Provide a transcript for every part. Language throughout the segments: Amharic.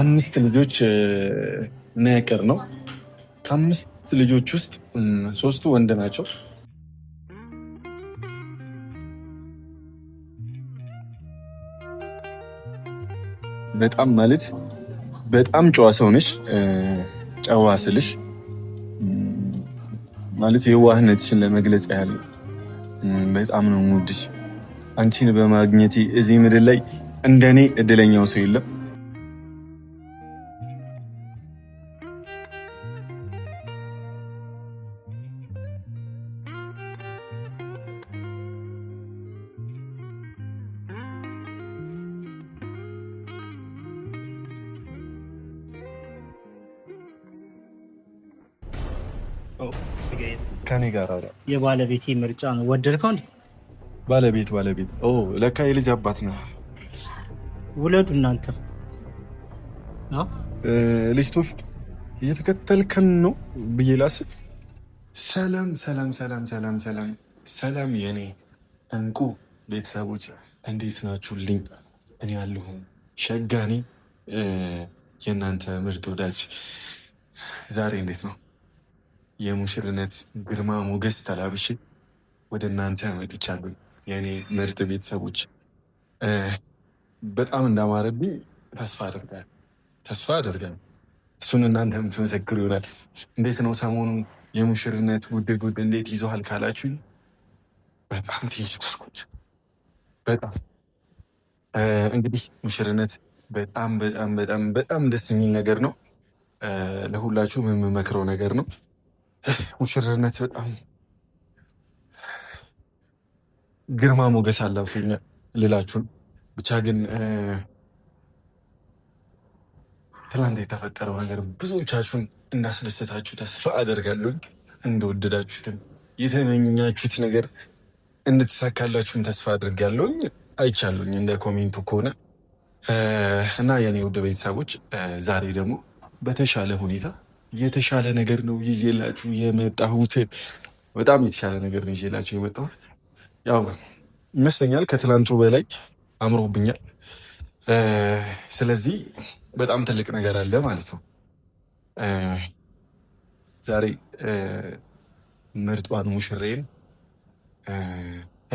አምስት ልጆች ነቅር ነው። ከአምስት ልጆች ውስጥ ሶስቱ ወንድ ናቸው። በጣም ማለት በጣም ጨዋ ሰው ነሽ። ጨዋ ስልሽ ማለት የዋህነትሽን ለመግለጽ ያህል በጣም ነው የምወድሽ። አንቺን በማግኘቴ እዚህ ምድር ላይ እንደኔ እድለኛው ሰው የለም። Oh, ከኔ ጋር የባለቤቴ ምርጫ ነው። ወደድከው? እንደ ባለቤት ባለቤት። ለካ የልጅ አባት ነው። ውለዱ እናንተ። ልጅ ቶፊቅ እየተከተልከን ነው ብዬ ላስብ። ሰላም ሰላም ሰላም ሰላም ሰላም ሰላም፣ የኔ እንቁ ቤተሰቦች እንዴት ናችሁልኝ? እኔ ያለሁም ሸጋኔ የእናንተ ምርጥ ወዳጅ። ዛሬ እንዴት ነው? የሙሽርነት ግርማ ሞገስ ተላብሼ ወደ እናንተ መጥቻለሁ። የእኔ ምርጥ ቤተሰቦች በጣም እንዳማረብኝ ተስፋ አደርጋል ተስፋ አደርጋል። እሱን እናንተ የምትመሰክሩ ይሆናል። እንዴት ነው ሰሞኑ የሙሽርነት ጉድ ጉድ እንዴት ይዘዋል ካላችሁ በጣም ትይዝናልኩኝ። በጣም እንግዲህ ሙሽርነት በጣም በጣም በጣም በጣም ደስ የሚል ነገር ነው። ለሁላችሁም የምመክረው ነገር ነው። ሙሽርነት በጣም ግርማ ሞገስ አላብሱኝ ልላችሁን ብቻ ግን ትላንት የተፈጠረው ነገር ብዙዎቻችሁን እንዳስደሰታችሁ ተስፋ አደርጋለሁ። እንደወደዳችሁትም የተመኛችሁት ነገር እንድትሳካላችሁን ተስፋ አድርጋለሁኝ። አይቻለሁኝ እንደ ኮሜንቱ ከሆነ እና የኔ ውድ ቤተሰቦች ዛሬ ደግሞ በተሻለ ሁኔታ የተሻለ ነገር ነው ይዤላችሁ የመጣሁት። በጣም የተሻለ ነገር ነው ይዤላችሁ የመጣሁት። ያው ይመስለኛል ከትላንቱ በላይ አምሮብኛል። ስለዚህ በጣም ትልቅ ነገር አለ ማለት ነው። ዛሬ ምርጧን ሙሽሬን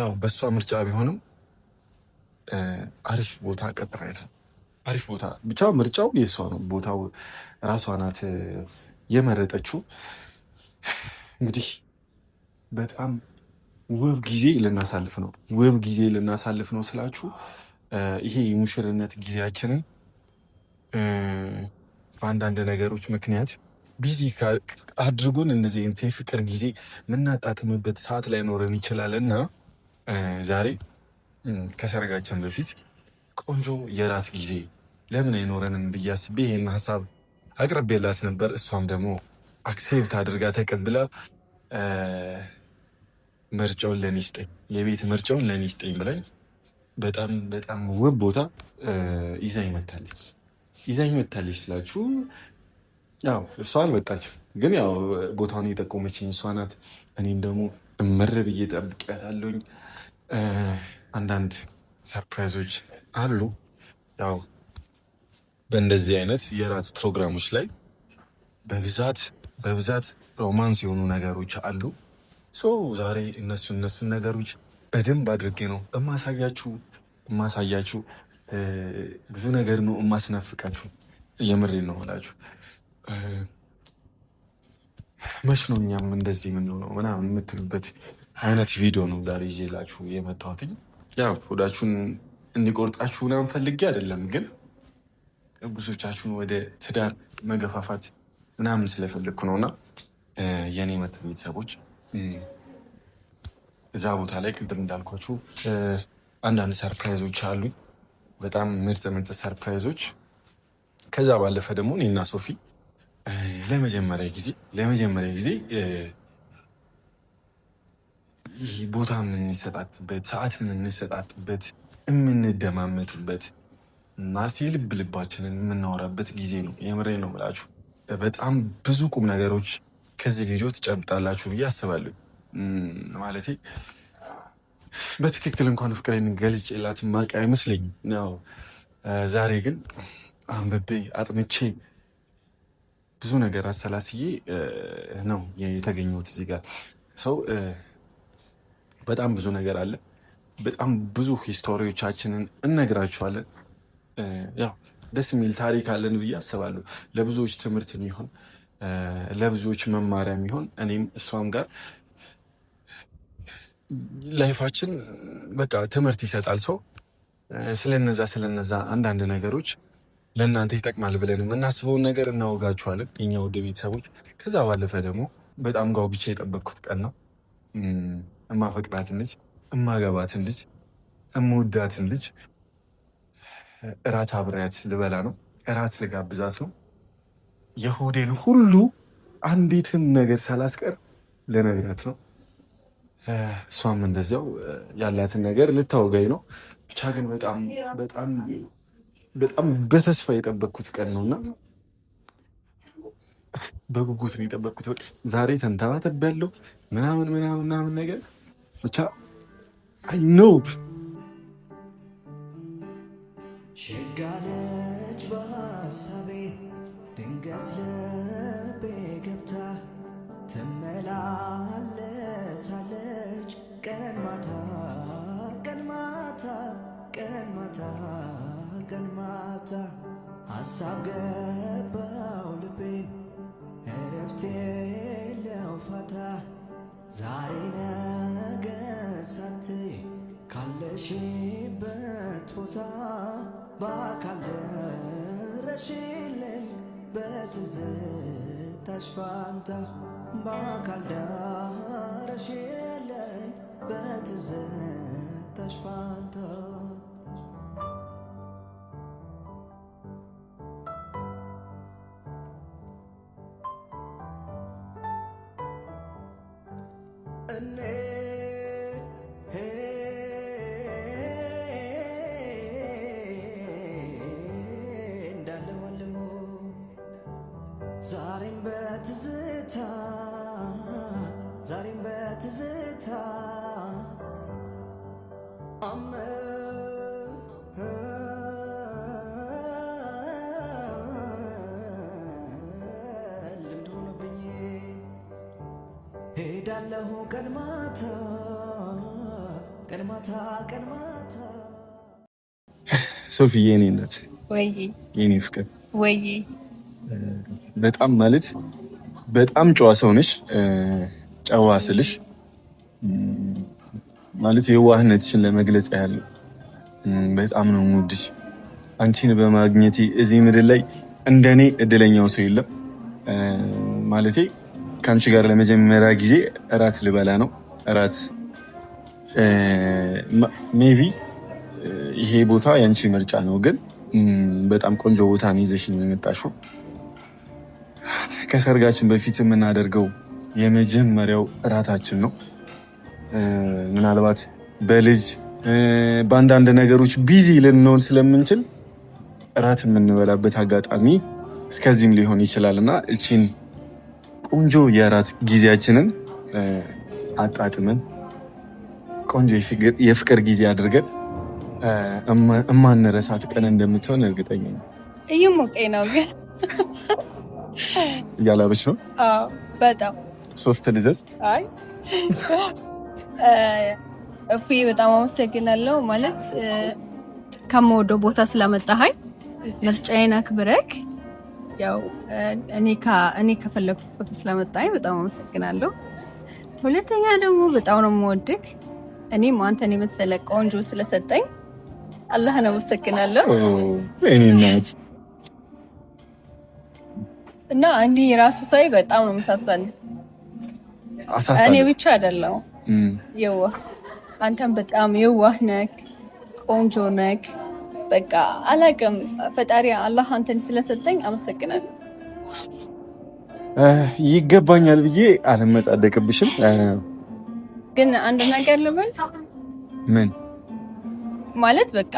ያው በእሷ ምርጫ ቢሆንም አሪፍ ቦታ ቀጥራይታል። አሪፍ ቦታ ብቻ ምርጫው የእሷ ነው። ቦታው ራሷ ናት የመረጠችው። እንግዲህ በጣም ውብ ጊዜ ልናሳልፍ ነው። ውብ ጊዜ ልናሳልፍ ነው ስላችሁ ይሄ የሙሽርነት ጊዜያችንን በአንዳንድ ነገሮች ምክንያት ቢዚ አድርጎን እነዚህ የፍቅር ጊዜ የምናጣጥምበት ሰዓት ላይኖረን ይችላል እና ዛሬ ከሰርጋችን በፊት ቆንጆ የራት ጊዜ ለምን አይኖረንም ብዬ አስቤ ይህን ሀሳብ አቅርቤላት ነበር። እሷም ደግሞ አክሴፕት አድርጋ ተቀብላ ምርጫውን ለኔ ስጠኝ፣ የቤት ምርጫውን ለኔ ስጠኝ ብላኝ በጣም በጣም ውብ ቦታ ይዛኝ መታለች። ይዛኝ መታለች ስላችሁ ያው እሷ አልመጣችም፣ ግን ያው ቦታውን የጠቆመችኝ እሷ ናት። እኔም ደግሞ እምር እየጠብቅ ጠብቄያታለሁኝ። አንዳንድ ሰርፕራይዞች አሉ። ያው በእንደዚህ አይነት የራት ፕሮግራሞች ላይ በብዛት በብዛት ሮማንስ የሆኑ ነገሮች አሉ። ዛሬ እነሱ እነሱን ነገሮች በደንብ አድርጌ ነው እማሳያችሁ እማሳያችሁ ብዙ ነገር ነው እማስናፍቃችሁ። የምሬ ነው እላችሁ። መች ነው እኛም እንደዚህ የምንሆነው ምናምን የምትሉበት አይነት ቪዲዮ ነው ዛሬ ይዤላችሁ የመጣሁትኝ። ያው ሆዳችሁን እንዲቆርጣችሁ ምናምን ፈልጌ አይደለም፣ ግን ብዙዎቻችሁን ወደ ትዳር መገፋፋት ምናምን ስለፈለግኩ ነውእና የእኔ መት ቤተሰቦች እዛ ቦታ ላይ ቅድም እንዳልኳችሁ አንዳንድ ሰርፕራይዞች አሉ። በጣም ምርጥ ምርጥ ሰርፕራይዞች። ከዛ ባለፈ ደግሞ እኔና ሶፊ ለመጀመሪያ ጊዜ ለመጀመሪያ ጊዜ ቦታ የምንሰጣጥበት ሰዓት የምንሰጣጥበት የምንደማመጥበት እናቴ ልብ ልባችንን የምናወራበት ጊዜ ነው። የምሬ ነው ምላችሁ። በጣም ብዙ ቁም ነገሮች ከዚህ ቪዲዮ ትጨምጣላችሁ ብዬ አስባለሁ። ማለቴ በትክክል እንኳን ፍቅሬን ላት ማቅ አይመስለኝም። ያው ዛሬ ግን አንብቤ አጥንቼ ብዙ ነገር አሰላስዬ ነው የተገኘሁት እዚህ ጋር ሰው በጣም ብዙ ነገር አለ በጣም ብዙ ሂስቶሪዎቻችንን እነግራችኋለን። ያው ደስ የሚል ታሪክ አለን ብዬ አስባለሁ። ለብዙዎች ትምህርት የሚሆን ለብዙዎች መማሪያ የሚሆን እኔም እሷም ጋር ላይፋችን በቃ ትምህርት ይሰጣል። ሰው ስለነዛ ስለነዛ አንዳንድ ነገሮች ለእናንተ ይጠቅማል ብለን የምናስበውን ነገር እናወጋችኋለን የኛ ውድ ቤተሰቦች። ከዛ ባለፈ ደግሞ በጣም ጓጉቼ የጠበቅኩት ቀን ነው። እማፈቅራትነች እማገባትን ልጅ እምወዳትን ልጅ እራት አብሬያት ልበላ ነው፣ እራት ልጋብዛት ነው። የሆዴን ሁሉ አንዲትን ነገር ሳላስቀር ልነግራት ነው። እሷም እንደዚያው ያላትን ነገር ልታወጋኝ ነው። ብቻ ግን በጣም በጣም በጣም በተስፋ የጠበቅኩት ቀን ነውና በጉጉት ነው የጠበቅኩት። ዛሬ ተንተባተብ ያለው ምናምን ምናምን ምናምን ነገር ብቻ I know. ቀንማታ ቀንማታ ቀንማታ ሶፊዬ የኔ እናት ወይዬ የኔ ፍቅር ወይዬ በጣም ማለት በጣም ጨዋ ሰው ነሽ። ጨዋ ስልሽ ማለት የዋህነትሽን ለመግለጽ ያህል በጣም ነው የምወድሽ። አንቺን በማግኘቴ እዚህ ምድር ላይ እንደኔ እድለኛው ሰው የለም ማለቴ ከአንቺ ጋር ለመጀመሪያ ጊዜ እራት ልበላ ነው። እራት ሜቢ ይሄ ቦታ የአንቺ ምርጫ ነው፣ ግን በጣም ቆንጆ ቦታ ነው ይዘሽ የመጣሽው። ከሰርጋችን በፊት የምናደርገው የመጀመሪያው እራታችን ነው። ምናልባት በልጅ በአንዳንድ ነገሮች ቢዚ ልንሆን ስለምንችል እራት የምንበላበት አጋጣሚ እስከዚህም ሊሆን ይችላል እና እቺን ቆንጆ የእራት ጊዜያችንን አጣጥመን ቆንጆ የፍቅር ጊዜ አድርገን እማንረሳት ቀን እንደምትሆን እርግጠኛ ነው። እየሞቀኝ ነው ግን እያላበች ነው በጣም ሶፍት ልዘዝ። አይ እፍዬ በጣም አመሰግናለሁ። ማለት ከምወደው ቦታ ስላመጣኸኝ ምርጫዬን አክብረክ ያው እኔ ከፈለኩት ቦታ ስለመጣኝ በጣም አመሰግናለሁ። ሁለተኛ ደግሞ በጣም ነው የምወድክ። እኔም አንተን የመሰለ ቆንጆ ስለሰጠኝ አላህን አመሰግናለሁ። እና እንዲህ የራሱ ሳይ በጣም ነው መሳሳል። እኔ ብቻ አይደለው የዋህ አንተን በጣም የዋህ ነክ፣ ቆንጆ ነክ በቃ አላቅም። ፈጣሪ አላህ አንተን ስለሰጠኝ አመሰግናለሁ። ይገባኛል ብዬ አልመጻደቅብሽም፣ ግን አንድ ነገር ልበል። ምን ማለት በቃ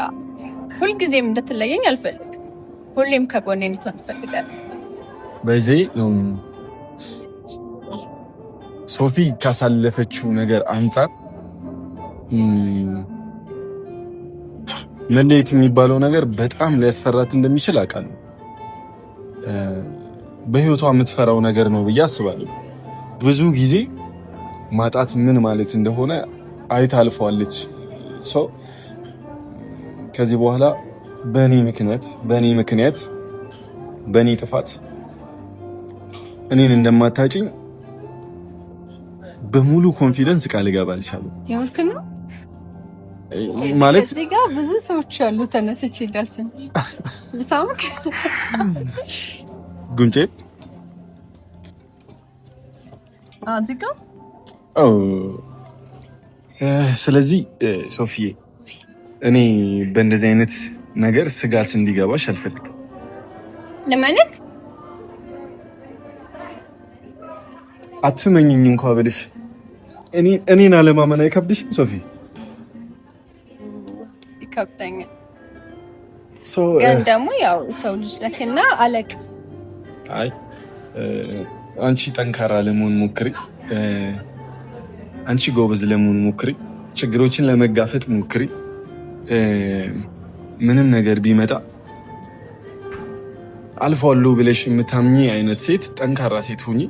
ሁልጊዜም እንድትለየኝ አልፈልግ ሁሌም ከጎኔ እንድትሆን እፈልጋለሁ። በዚህ ሶፊ ካሳለፈችው ነገር አንጻር መለየት የሚባለው ነገር በጣም ሊያስፈራት እንደሚችል አውቃለሁ። በህይወቷ የምትፈራው ነገር ነው ብዬ አስባለሁ። ብዙ ጊዜ ማጣት ምን ማለት እንደሆነ አይታ አልፈዋለች። ሰው ከዚህ በኋላ በእኔ ምክንያት በእኔ ምክንያት በእኔ ጥፋት እኔን እንደማታጭኝ በሙሉ ኮንፊደንስ ቃል ገባ ነው ማለት እዚህ ጋር ብዙ ሰዎች አሉ። ተነስቼ ደርስም ሳምክ ጉንጬ እዚህ ጋር ስለዚህ ሶፊዬ እኔ በእንደዚህ አይነት ነገር ስጋት እንዲገባሽ አልፈልግም። ለማለት አትመኝኝ እንኳ ብልሽ እኔን አለማመን አይከብድሽም ሶፊ? ይከብደኛል። ግን uh, ደግሞ ያው ሰው ልጅ ነህ እና አለቅ አይ uh, አንቺ ጠንካራ ለመሆን ሞክሪ፣ uh, አንቺ ጎበዝ ለመሆን ሞክሪ፣ ችግሮችን ለመጋፈጥ ሞክሪ። ምንም ነገር ቢመጣ አልፏሉ ብለሽ የምታምኚ አይነት ሴት ጠንካራ ሴት ሁኚ።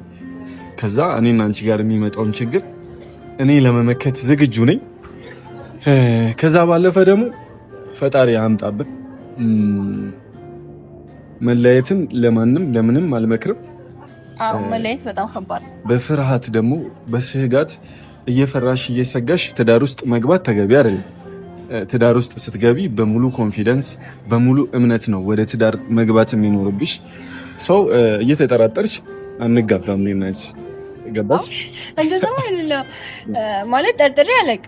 ከዛ እኔና አንቺ ጋር የሚመጣውን ችግር እኔ ለመመከት ዝግጁ ነኝ። ከዛ ባለፈ ደግሞ ፈጣሪ አምጣብን። መለያየትን ለማንም ለምንም አልመክርም። መለያየት በጣም ከባድ። በፍርሃት ደግሞ በስጋት እየፈራሽ እየሰጋሽ ትዳር ውስጥ መግባት ተገቢ አይደለም። ትዳር ውስጥ ስትገቢ በሙሉ ኮንፊደንስ በሙሉ እምነት ነው ወደ ትዳር መግባት የሚኖርብሽ። ሰው እየተጠራጠርች አንጋባም ነች ገባሽ? እንደዛ ማለት ጠርጥሬ አለቅ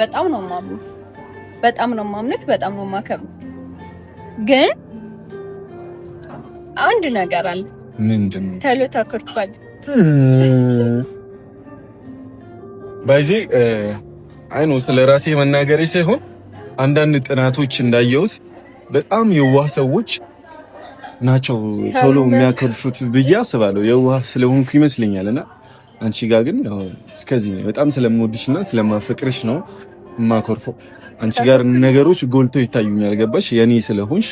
በጣም ነው ማምኑት በጣም ነው ማምነት፣ በጣም ነው ማከብር። ግን አንድ ነገር አለ። ምንድን ነው? ተሎ ታኮርኳል በዚህ አይ ነው ስለ ራሴ መናገሬ ሳይሆን አንዳንድ ጥናቶች እንዳየሁት በጣም የዋህ ሰዎች ናቸው ቶሎ የሚያኮርፉት ብዬ አስባለሁ። የዋህ ስለሆንኩ ይመስለኛል። እና አንቺ ጋር ግን ያው እስከዚህ ነው። በጣም ስለምወድሽ እና ስለማፈቅርሽ ነው የማኮርፈው። አንቺ ጋር ነገሮች ጎልተው ይታዩኛል። ገባሽ? የኔ ስለሆንሽ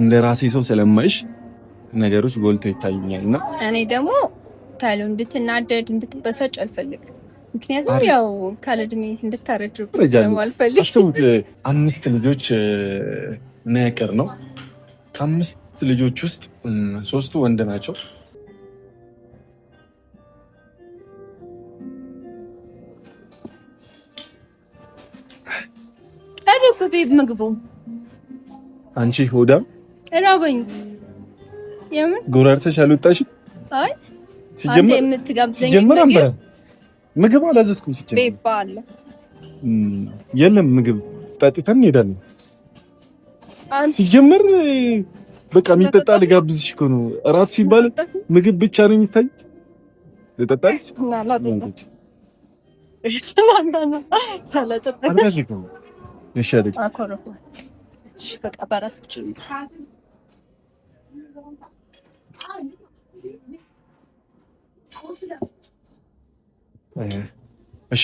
እንደ ራሴ ሰው ስለማይሽ ነገሮች ጎልተው ይታዩኛል። እና እኔ ደግሞ ታሉ እንድትናደድ እንድትበሳጭ አልፈልግም። ምክንያቱም ያው ካለድሜ እንድታረጅብኝ ስለማልፈልግ አምስት ልጆች ነው ነው። ከአምስት ልጆች ውስጥ ሶስቱ ወንድ ናቸው። ቤት ምግቡ አንቺ ሆዳ እራበኝ። የምን ጎራርሰሽ አልወጣሽም? አይ ሲጀምር ምግብ አላዘዝኩም። የለም ምግብ ጠጥተን እንሄዳለን። ሲጀምር በቃ የሚጠጣ ልጋብዝሽ እኮ ነው። እራት ሲባል ምግብ ብቻ ነው የሚታይ። ልጠጣልሽ ይሻለኝ። እሺ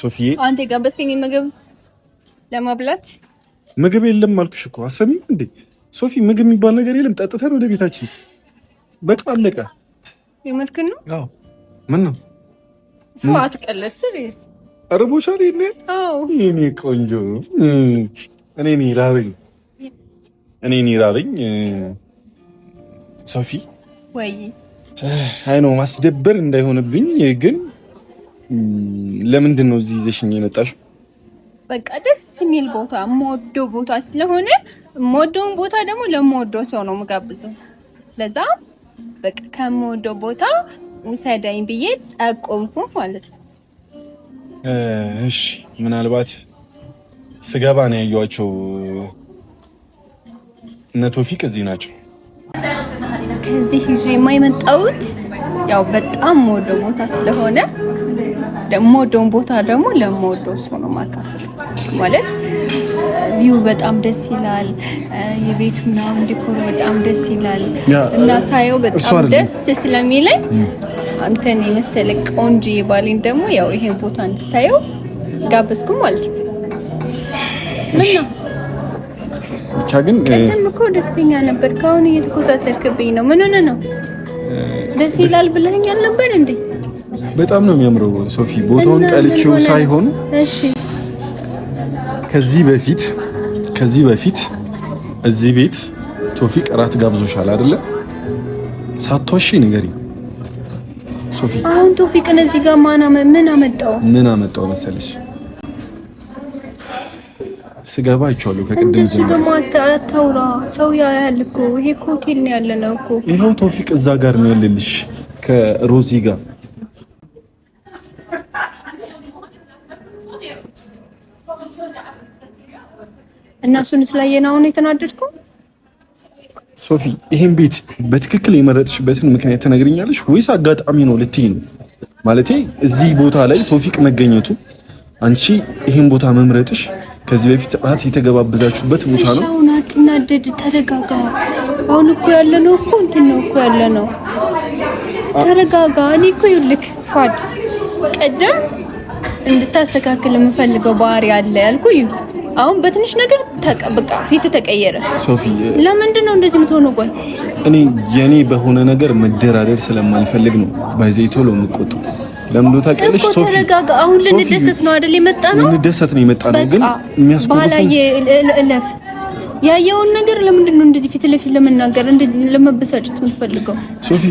ሶፊዬ፣ አንተ የጋበዝከኝ ምግብ ለማብላት ምግብ የለም አልኩሽ እኮ አሰሚም እንዴ ሶፊ፣ ምግብ የሚባል ነገር የለም። ጠጥተን ወደ ቤታችን በቃ አለቀ። የመልክን ነው ምን ነው ሪስ እርቦሻል? ይሄኔ ይሄኔ ቆንጆ እኔ እኔ ሶፊ ወይ አይ ነው ማስደበር እንዳይሆንብኝ ግን ለምንድን ነው እዚህ ይዘሽኝ የመጣሽው? በቃ ደስ የሚል ቦታ የምወደው ቦታ ስለሆነ የምወደውን ቦታ ደግሞ ለምወደው ሰው ነው የምጋብዘው። ለዛ በቃ ከምወደው ቦታ ውሰደኝ ብዬ ጠቆምኩ ማለት ነው። እሺ ምናልባት ስገባ ነው ያየኋቸው። እነ ቶፊቅ እዚህ ናቸው። ከዚህ ይዤ የማይመጣውት ያው በጣም የምወደው ቦታ ስለሆነ የምወደውን ቦታ ደግሞ ለምወደው ሰው ነው ማካፈል ማለት ቪው በጣም ደስ ይላል። የቤቱ ምናምን ዲኮር በጣም ደስ ይላል እና ሳየው በጣም ደስ ስለሚለኝ አንተን የመሰለ ቆንጆ ባሌን ደግሞ ያው ይሄን ቦታ እንድታየው ጋበዝኩ ማለት ነው። ብቻ ግን ቅድም እኮ ደስተኛ ነበር። ከአሁን እየተኮሳተርክብኝ ነው። ምን ሆነ ነው? ደስ ይላል ብለኸኛል ነበር እንዴ? በጣም ነው የሚያምረው ሶፊ። ቦታውን ጠልቼው ሳይሆን እሺ፣ ከዚህ በፊት ከዚህ በፊት እዚህ ቤት ቶፊቅ እራት ጋብዞሻል አይደለ? ሳትዋሺ ንገሪኝ ቶፊቅ አሁን ቶፊቅን እዚህ ጋር ማና ምን አመጣው? ምን አመጣው መሰለሽ ስገባ አይቼዋለሁ። ከቅድም እንደሱ ደግሞ አታውራ፣ ሰው ያያል እኮ። ይሄ እኮ ሆቴል ነው ያለ ነው እኮ። ይኸው ቶፊቅ እዛ ጋር ነው ያለልሽ ከሮዚ ጋር። እና እሱን ስላየን አሁን የተናደድከው ሶፊ ይሄን ቤት በትክክል የመረጥሽበትን ምክንያት ትነግርኛለሽ ወይስ አጋጣሚ ነው ልትይ ነው? ማለቴ እዚህ ቦታ ላይ ቶፊቅ መገኘቱ አንቺ ይሄን ቦታ መምረጥሽ ከዚህ በፊት ራት የተገባበዛችሁበት ቦታ ነው። አትናደድ፣ ተረጋጋ። አሁን እኮ ያለ ነው እኮ እንትን ነው እኮ ያለ ነው። ተረጋጋ። እኔ እኮ ይልክ ፋድ ቀደም እንድታስተካክል የምፈልገው ባህሪ አለ ያልኩ አሁን በትንሽ ነገር በቃ ፊት ተቀየረ። ሶፊ ለምንድን ነው እንደዚህ የምትሆነው? ቆይ እኔ የኔ በሆነ ነገር መደራደር ስለማልፈልግ ነው። ባይዘይ ቶሎ ምቆጥ ለምዶ ታቀለሽ። ሶፊ ተረጋጋ። አሁን ልንደሰት ነው አይደል? የመጣ ነው ልንደሰት ነው የመጣ ነው። ግን የሚያስቆም እለፍ ያየውን ነገር ለምንድን ነው እንደዚህ ፊት ለፊት ለመናገር እንደዚህ ለመበሳጨት የምትፈልገው? ሶፊ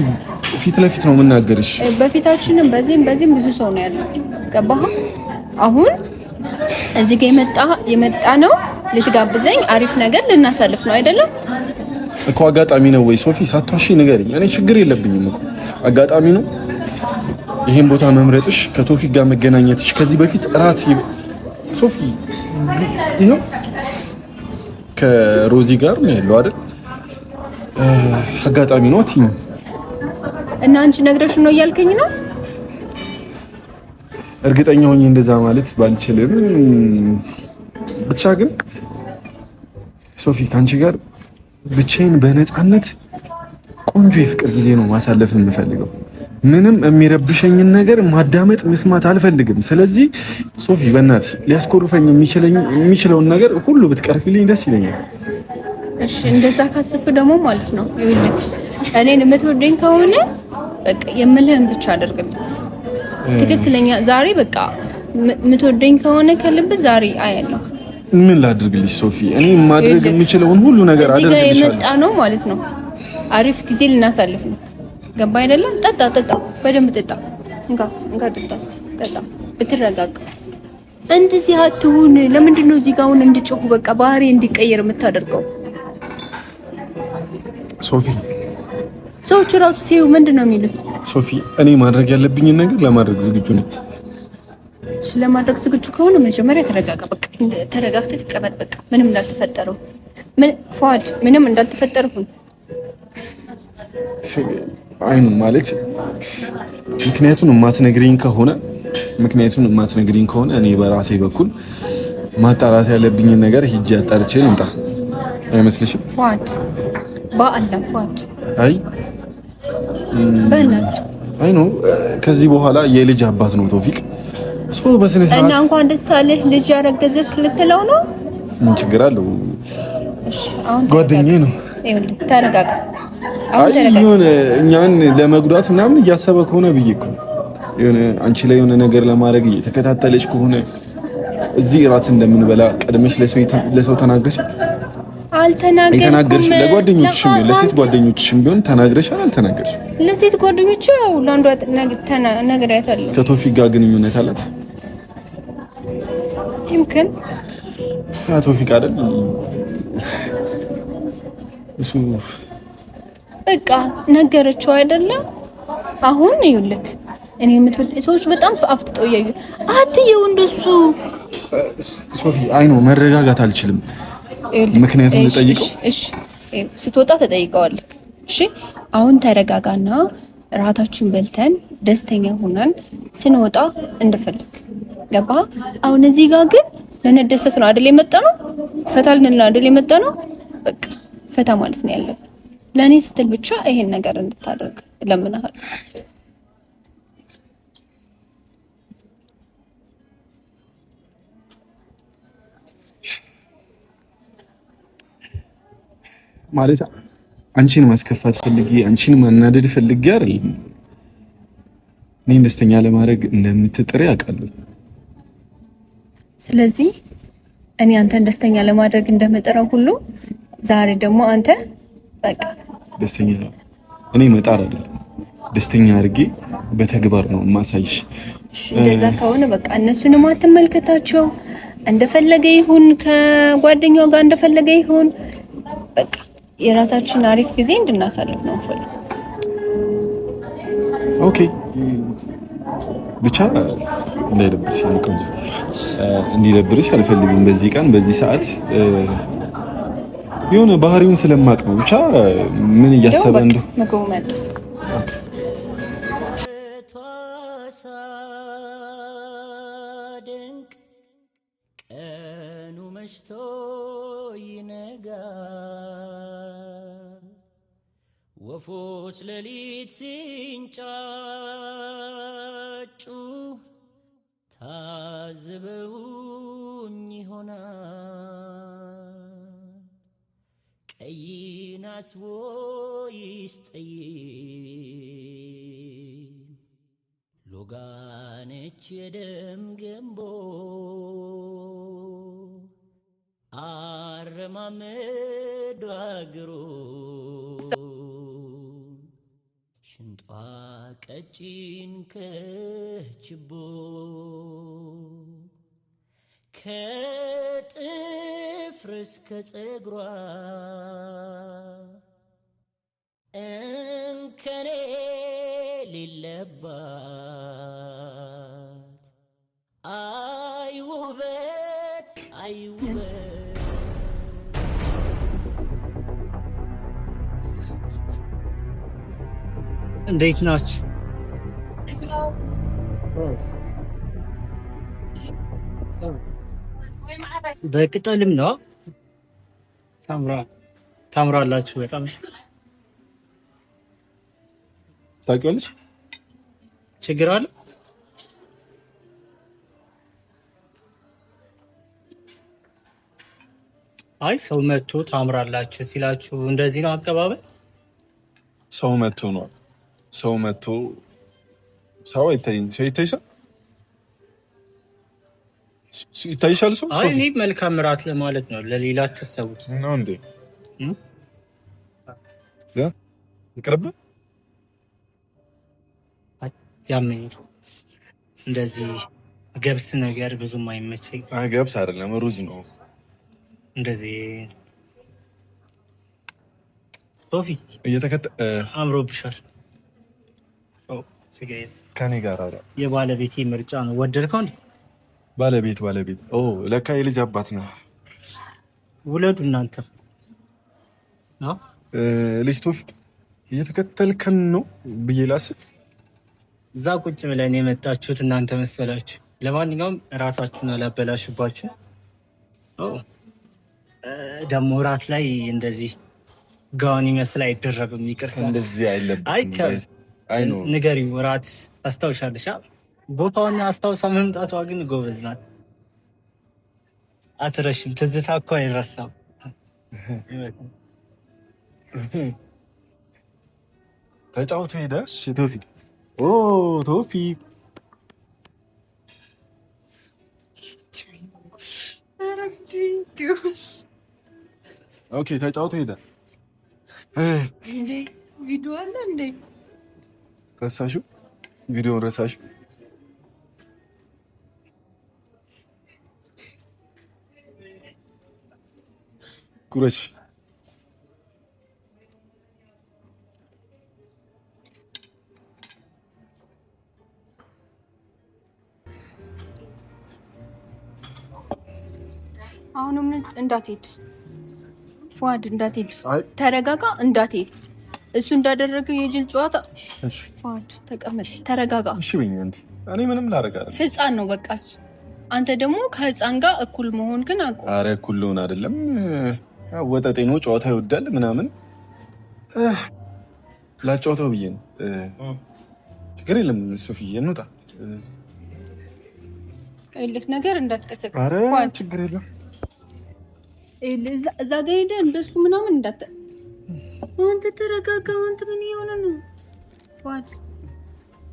ፊት ለፊት ነው የምናገርሽ። በፊታችንም በዚህም በዚህም ብዙ ሰው ነው ያለው። ገባህ አሁን እዚህ ጋር የመጣ የመጣ ነው ልትጋብዘኝ፣ አሪፍ ነገር ልናሳልፍ ነው አይደለም እኮ። አጋጣሚ ነው ወይ ሶፊ? ሳቷሺ ንገሪኝ። እኔ ችግር የለብኝም እኮ አጋጣሚ ነው። ይሄን ቦታ መምረጥሽ፣ ከቶፊክ ጋር መገናኘትሽ፣ ከዚህ በፊት እራት ሶፊ ይኸው ከሮዚ ጋር ነው ያለው አይደል? አጋጣሚ ነው ቲም እና አንቺ ነግረሽ ነው እያልከኝ ነው እርግጠኛ ሆኜ እንደዛ ማለት ባልችልም ብቻ ግን ሶፊ ከአንቺ ጋር ብቻዬን በነፃነት ቆንጆ የፍቅር ጊዜ ነው ማሳለፍ የምፈልገው። ምንም የሚረብሸኝን ነገር ማዳመጥ መስማት አልፈልግም። ስለዚህ ሶፊ በእናት ሊያስኮርፈኝ የሚችለውን ነገር ሁሉ ብትቀርፊልኝ ደስ ይለኛል። እሺ፣ እንደዛ ካሰብክ ደግሞ ማለት ነው እኔን የምትወደኝ ከሆነ በቃ የምልህን ብቻ አደርግልኝ ትክክለኛ ዛሬ በቃ የምትወደኝ ከሆነ ከልብ ዛሬ አያለሁ። ምን ላድርግልሽ ሶፊ? እኔ ማድረግ የምችለውን ሁሉ ነገር አድርግልሻለሁ። እዚህ ጋር የመጣ ነው ማለት ነው። አሪፍ ጊዜ ልናሳልፍ ነው። ገባ አይደለም? ጠጣ ጠጣ፣ በደንብ ጠጣ። እንካ እንካ፣ ጠጣ እስቲ፣ ጠጣ ብትረጋጋ። እንደዚህ አትሁን። ለምንድን ነው እዚህ ጋር አሁን እንድጮህ፣ በቃ ባህሪ እንዲቀየር የምታደርገው ሶፊ? ሰዎቹ ራሱ ሲዩ ምንድን ነው የሚሉት? ሶፊ እኔ ማድረግ ያለብኝን ነገር ለማድረግ ዝግጁ ነኝ። እሺ ለማድረግ ዝግጁ ከሆነ መጀመሪያ ተረጋጋ። በቃ ተረጋግተህ ተቀመጥ። በቃ ምንም እንዳልተፈጠረው ምን ፏድ ምንም እንዳልተፈጠረው አይኑ ማለት ምክንያቱን የማትነግሪኝ ከሆነ ምክንያቱን የማትነግሪኝ ከሆነ እኔ በራሴ በኩል ማጣራት ያለብኝን ነገር ሂጅ አጣርቼ ልምጣ። አይመስልሽም? ፏድ በአላ ፏድ አይ በእናት አይ ነው። ከዚህ በኋላ የልጅ አባት ነው ቶፊቅ እና እንኳን ደስ አለህ ልጅ ያረገዝክ ልትለው ነው። ምን ችግር አለው? ጓደኛዬ ነው። ተረጋጋ። እኛን ለመጉዳት ምናምን እያሰበ ከሆነ ብዬ እኮ የሆነ አንቺ ላይ የሆነ ነገር ለማድረግ እየተከታተለች ከሆነ እዚህ እራት እንደምንበላ ቀድመሽ ለሰው ተናግረሻል። አልተናገርኩም። የተናገርሽ ለጓደኞችሽም ቢሆን ለሴት ጓደኞችሽም ቢሆን ተናግረሻል። አልተናገርሽም ለሴት ጓደኞች ያው ለአንዷ ነግሬያታለሁ። ከቶፊ ጋር ግንኙነት አላት ይምክን ከቶፊቅ አይደል እሱ በቃ ነገረችው አይደለም። አሁን ይኸውልህ እኔ የምትወድ ሰዎች በጣም አፍጥጠው እያዩ አትየው እንደሱ ሶፊ አይ ነው መረጋጋት አልችልም። ምክንያት ልጠይቀው። እሺ ስትወጣ ተጠይቀዋለህ። እሺ አሁን ተረጋጋና ራታችን በልተን ደስተኛ ሆነን ስንወጣ እንድፈልግ ገባ። አሁን እዚህ ጋር ግን ለነደሰት ነው አይደል የመጣ ነው፣ ፈታ ልንል ነው አይደል የመጣ ነው። በቃ ፈታ ማለት ነው ያለብን። ለእኔ ስትል ብቻ ይሄን ነገር እንድታደርግ እለምንሃለሁ። ማለት አንቺን ማስከፋት ፈልጌ አንቺን ማናደድ ፈልጌ አይደለም። እኔን ደስተኛ ለማድረግ እንደምትጥሪ አውቃለሁ። ስለዚህ እኔ አንተን ደስተኛ ለማድረግ እንደምጠራው ሁሉ ዛሬ ደግሞ አንተ በቃ ደስተኛ እኔ መጣር አይደለም ደስተኛ አድርጌ በተግባር ነው የማሳይሽ። እንደዛ ከሆነ በቃ እነሱንም አትመልከታቸው። እንደፈለገ ይሁን፣ ከጓደኛው ጋር እንደፈለገ ይሁን በቃ የራሳችን አሪፍ ጊዜ እንድናሳልፍ ነው ፈልጉ። ኦኬ ብቻ እንዳይደብርሽ እንዲደብርሽ አልፈልግም። በዚህ ቀን በዚህ ሰዓት የሆነ ባህሪውን ስለማቅ ነው። ብቻ ምን እያሰበ እንደ ቀኑ መሽቶ ይነጋል ወፎች ሌሊት ሲንጫጩ ታዝበውኝ ይሆናል። ቀይ ናት ወይስ ጠይም ሎጋነች የደም ገንቦ አረማመዷ ግሮ ፊቷ ቀጭን ከችቦ ከጥፍር እስከ ፀጉሯ እንከኔ ሊለባ እንዴት ናችሁ? በቅጠልም ነው ታምራላችሁ። በጣም ታውቂዋለሽ። ችግር አለ አይ ሰው መቶ ታምራላችሁ ሲላችሁ እንደዚህ ነው አቀባበል። ሰው መቶ ነው ሰው መጥቶ ሰው አይታይም። ሰው ይታይሻል፣ ይታይሻል። ሰው አይ እኔ መልካም ራት ለማለት ነው፣ ለሌላ ተሰውት ነው እንዴ? ይቅርብ ያመኝ እንደዚህ ገብስ ነገር ብዙም አይመቸኝ። አይ ገብስ አይደለም ሩዝ ነው እንደዚህ ሶፊ እየተከተ አምሮብሻል ከኔ ጋር የባለቤት ምርጫ ነው። ወደድከው? እንደ ባለቤት ባለቤት ለካ የልጅ አባት ነው። ውለዱ እናንተ ልጅ ቶፊቅ እየተከተልከን ነው ብዬ ላስብ። እዛ ቁጭ ብለን የመጣችሁት እናንተ መሰላችሁ። ለማንኛውም እራሳችሁን አላበላሽባችሁ። ደግሞ እራት ላይ እንደዚህ ጋውን ይመስል አይደረብም። ይቅርታ እንደዚህ አይለብም። ንገሪው። እራት ታስታውሻለሽ? ቦታውን አስታውሳ መምጣቷ ግን ጎበዝ ናት። አትረሽም። ትዝታ እኮ አይረሳም። ተጫውቶ ሄደ። ቶፊ ቶፊቅ ተጫውቱ ሄደ። ቪዲዮ አለ እንዴ? ረሳሹ ቪዲዮን ረሳሹ ጉረሽ አሁንም እንዳትሄድ፣ ፏድ እንዳትሄድ፣ ተረጋጋ፣ እንዳትሄድ እሱ እንዳደረገ የጅል ጨዋታ ፋድ ተቀመጥ፣ ተረጋጋ። እሺ በይኝ እንት እኔ ምንም ላደርግ አይደለም። ህፃን ነው በቃ እሱ። አንተ ደግሞ ከህፃን ጋር እኩል መሆን ግን አቁ። አረ እኩል ልሆን አይደለም። ያው ወጠጤ ነው፣ ጨዋታ ይወዳል ምናምን። ላጫውተው ብዬ ነው። ችግር የለም ሶፊ፣ እንውጣ። ይኸውልህ ነገር እንዳትቀሰቅስ። ችግር የለም። እዛ ጋ ሄደህ እንደሱ ምናምን እንዳት Onde taragag onde minionunu. What?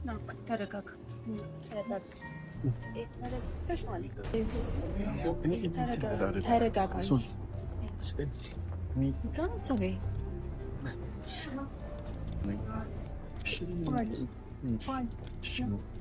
Na bak taragag. Taragag. Taragag. Taragag. Sabe? Ford. Ford.